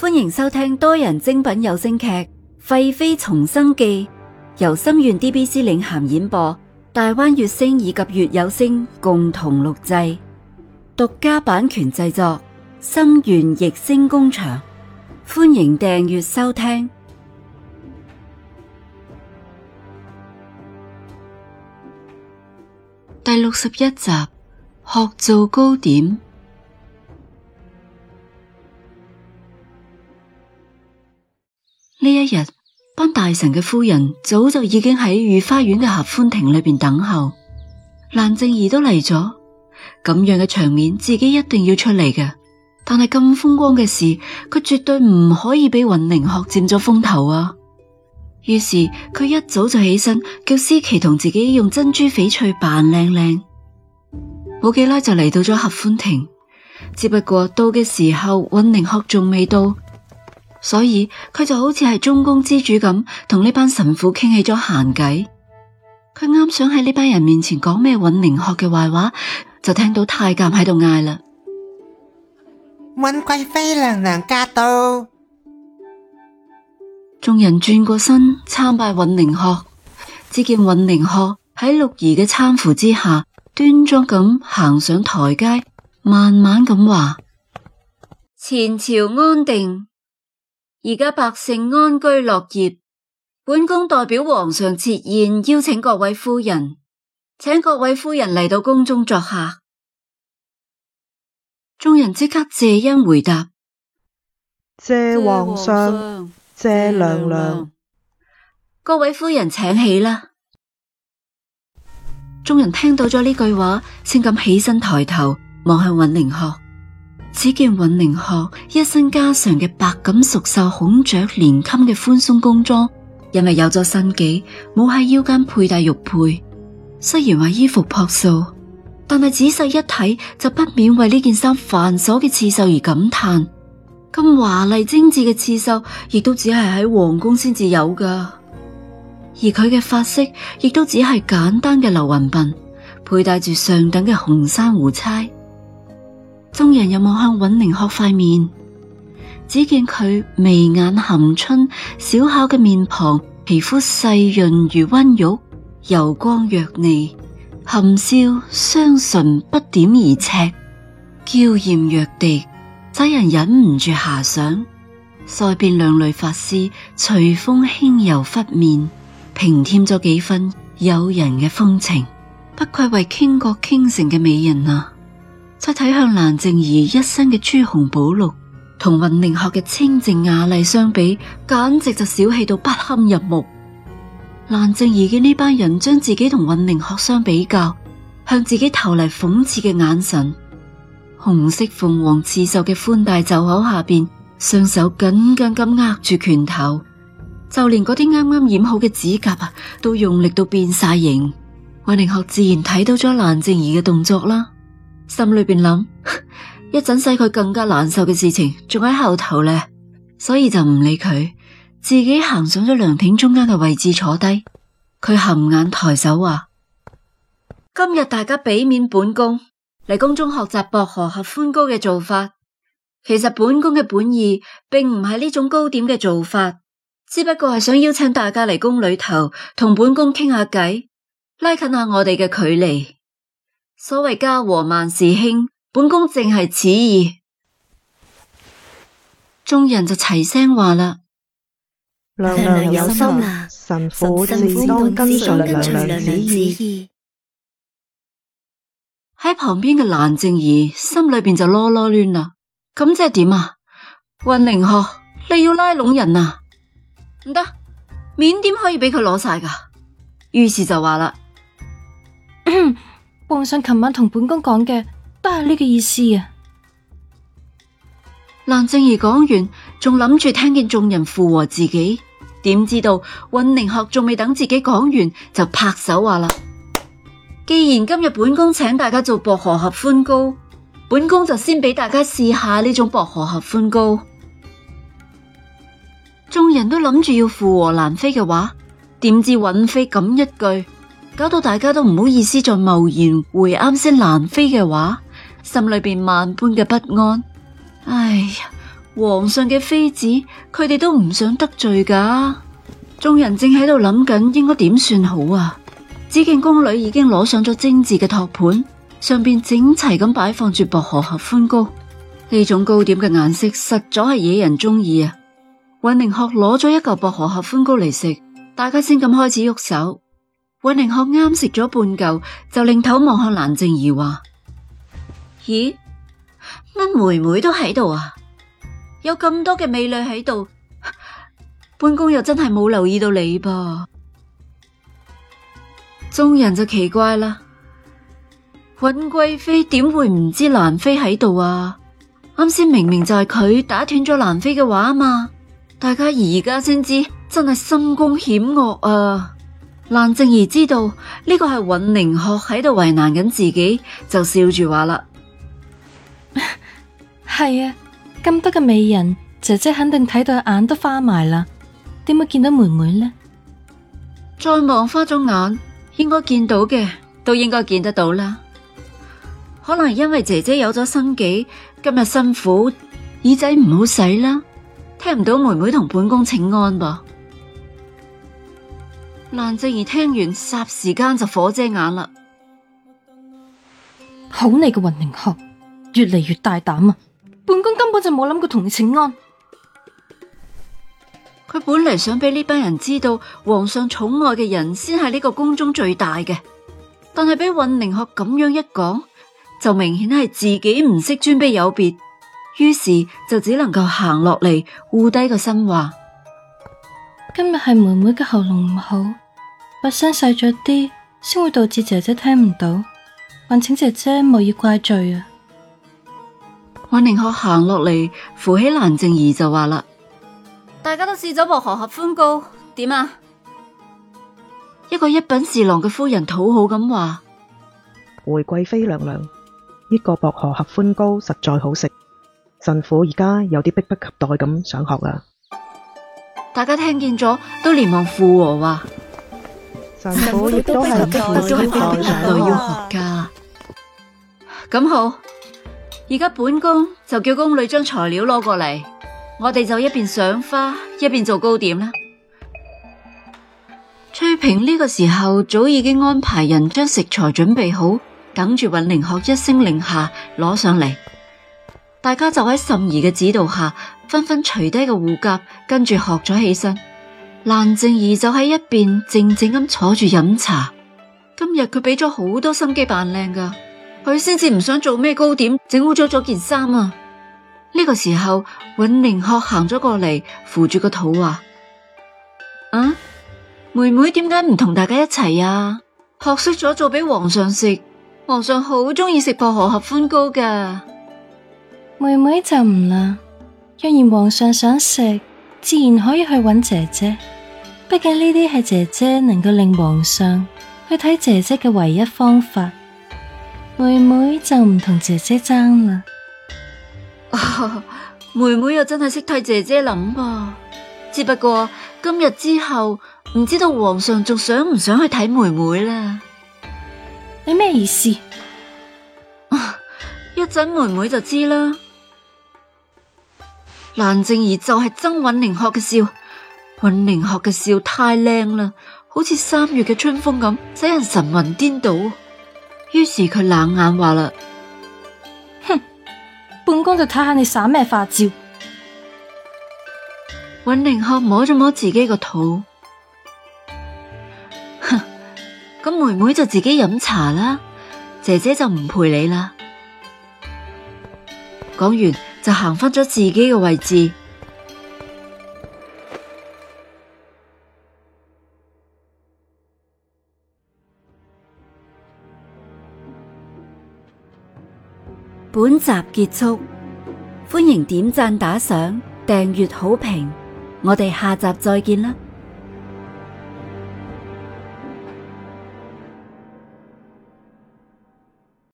歡迎收聽多人精品有聲劇《廢妃重生記》，由心願 DBC 領銜演播，大灣月星以及月有聲共同錄製，獨家版權製作，心願逸星工場。歡迎訂閱收聽第六十一集，學做糕點。呢一日，班大臣嘅夫人早就已經喺御花園嘅合歡亭裏邊等候，蘭靜儀都嚟咗。咁樣嘅場面，自己一定要出嚟嘅。但係咁風光嘅事，佢絕對唔可以俾允寧鶴佔咗風頭啊！於是佢一早就起身，叫思琪同自己用珍珠翡翠扮靚靚。冇幾耐就嚟到咗合歡亭，只不過到嘅時候，允寧鶴仲未到。所以佢就好似係中宮之主咁，同呢班神父傾起咗閒偈。佢啱想喺呢班人面前講咩尹寧學嘅壞話，就聽到太監喺度嗌啦：尹貴妃娘娘駕到！眾人轉過身參拜尹寧學，只見尹寧學喺六兒嘅攙扶之下，端莊咁行上台階，慢慢咁話：前朝安定。而家百姓安居樂業，本宮代表皇上設宴邀請各位夫人，請各位夫人嚟到宮中作客。眾人即刻謝恩回答：謝皇上，謝娘娘。各位夫人請起啦。眾人聽到咗呢句話，先敢起身抬頭望向允寧鶴。只見尹寧鶴一身家常嘅白錦熟繡孔雀連襟嘅寬鬆工裝，因為有咗身紀，冇喺腰間佩戴玉佩。雖然話衣服樸素，但係仔細一睇，就不免為呢件衫繁瑣嘅刺繡而感嘆。咁華麗精緻嘅刺繡，亦都只係喺皇宮先至有噶。而佢嘅髮飾亦都只係簡單嘅流雲鬢，佩戴住上等嘅紅珊瑚釵。眾人又望向尹凝鶴塊面，只見佢眉眼含春，小巧嘅面龐，皮膚細潤如温玉，柔光若膩，含笑雙唇不點而赤，嬌豔若滴，使人忍唔住遐想，腮邊兩縷髮絲隨風輕柔拂面，平添咗幾分誘人嘅風情，不愧為傾國傾城嘅美人啊！再睇向蘭靜兒一身嘅朱紅寶綠，同雲寧學嘅清靜雅麗相比，簡直就小氣到不堪入目。蘭靜兒嘅呢班人將自己同雲寧學相比較，向自己投嚟諷刺嘅眼神。紅色鳳凰刺繡嘅寬大袖口下邊，雙手緊緊咁握住拳頭，就連嗰啲啱啱染好嘅指甲啊，都用力到變晒形。雲寧學自然睇到咗蘭靜兒嘅動作啦。心裏邊諗，一陣使佢更加難受嘅事情仲喺後頭呢，所以就唔理佢，自己行上咗涼亭中間嘅位置坐低。佢含眼抬手話：今日大家俾面本宮嚟宮中學習薄荷合歡糕嘅做法，其實本宮嘅本意並唔係呢種糕點嘅做法，只不過係想邀請大家嚟宮裏頭同本宮傾下偈，拉近下我哋嘅距離。所謂家和萬事興，本宮正係此意。眾人就齊聲話啦：娘娘有心啦、啊，臣臣官都跟上跟住娘娘旨意。喺旁邊嘅蘭靜儀心裏邊就囉囉攣啦，咁即係點啊？雲寧鶴，你要拉攏人啊？唔得，面點可以俾佢攞晒㗎。於是就話啦。 皇上琴晚同本宮講嘅都係呢個意思啊！蘭靜兒講完，仲諗住聽見眾人附和自己，點知道尹寧學仲未等自己講完就拍手話啦。「既然今日本宮請大家做薄荷合歡糕，本宮就先俾大家試下呢種薄荷合歡糕。」眾人都諗住要附和蘭妃嘅話，點知尹妃咁一句？搞到大家都唔好意思再貿然回啱先蘭妃嘅話，心裏邊萬般嘅不安。哎呀，皇上嘅妃子，佢哋都唔想得罪噶。眾人正喺度諗緊應該點算好啊。只見宮女已經攞上咗精致嘅托盤，上邊整齊咁擺放住薄荷合歡糕。呢種糕點嘅顏色實在係惹人中意啊。尹寧學攞咗一個薄荷合歡糕嚟食，大家先咁開始喐手。尹寧學啱食咗半舊，就擰頭望向蘭靜兒話：咦，乜妹妹都喺度啊？有咁多嘅美女喺度，本 宮又真係冇留意到你噃。眾人就奇怪啦，尹貴妃點會唔知蘭妃喺度啊？啱先明明就係佢打斷咗蘭妃嘅話啊嘛，大家而家先知，真係心公險惡啊！蘭靜兒知道呢、這個係尹寧學喺度為難緊自己，就笑住話啦：係 啊，咁多嘅美人，姐姐肯定睇到眼都花埋啦，點會見到妹妹呢？再望花咗眼，應該見到嘅都應該見得到啦。可能因為姐姐有咗生紀，今日辛苦，耳仔唔好使啦，聽唔到妹妹同本宮請安噃。蘭靜兒聽完，霎時間就火遮眼啦！好你個運寧鶴，越嚟越大膽啊！本宮根本就冇諗過同你請安。」佢本嚟想俾呢班人知道，皇上寵愛嘅人先係呢個宮中最大嘅，但係俾運寧鶴咁樣一講，就明顯係自己唔識尊卑有別，於是就只能夠行落嚟，護低個身話。今日係妹妹嘅喉嚨唔好。把聲細咗啲，先會導致姐姐聽唔到，還請姐姐冇要怪罪啊！我寧可行落嚟扶起蘭靜儀就話啦，大家都試咗薄荷合歡糕，點啊？一個一品侍郎嘅夫人討好咁話：回貴妃娘娘，呢、這個薄荷合歡糕實在好食，神父而家有啲迫不及待咁想學啊！大家聽見咗都連忙附和話。我亦都係唔少，係邊要學噶。咁好，而家本宮就叫宮女將材料攞過嚟，我哋就一邊賞花一邊做糕點啦。翠 平呢個時候早已經安排人將食材準備好，等住允寧學一聲令下攞上嚟。大家就喺岑儀嘅指導下，紛紛除低個護甲，跟住學咗起身。蘭靜兒就喺一邊靜靜咁坐住飲茶。今日佢俾咗好多心機扮靚噶，佢先至唔想做咩糕點，整污糟咗件衫啊！呢個時候，永寧鶴行咗過嚟，扶住個肚話，啊，妹妹點解唔同大家一齊啊？學識咗做俾皇上食，皇上好中意食薄荷合歡糕噶。妹妹就唔啦，若然皇上想食。自然可以去揾姐姐，畢竟呢啲係姐姐能夠令皇上去睇姐姐嘅唯一方法。妹妹就唔同姐姐爭啦。哦。妹妹又真係識替姐姐諗噃，只不過今日之後，唔知道皇上仲想唔想去睇妹妹啦。你咩意思？一陣，哦，妹妹就知啦。蘭靜兒就係曾允寧學嘅笑，允寧學嘅笑太靚啦，好似三月嘅春風咁，使人神魂顛倒。於是佢冷眼話啦：哼，本宮就睇下你耍咩花招。」允寧學摸咗摸自己個肚，哼，咁妹妹就自己飲茶啦，姐姐就唔陪你啦。講完。就行翻咗自己嘅位置。本集結束，歡迎點讚打賞、訂閱好評，我哋下集再見啦！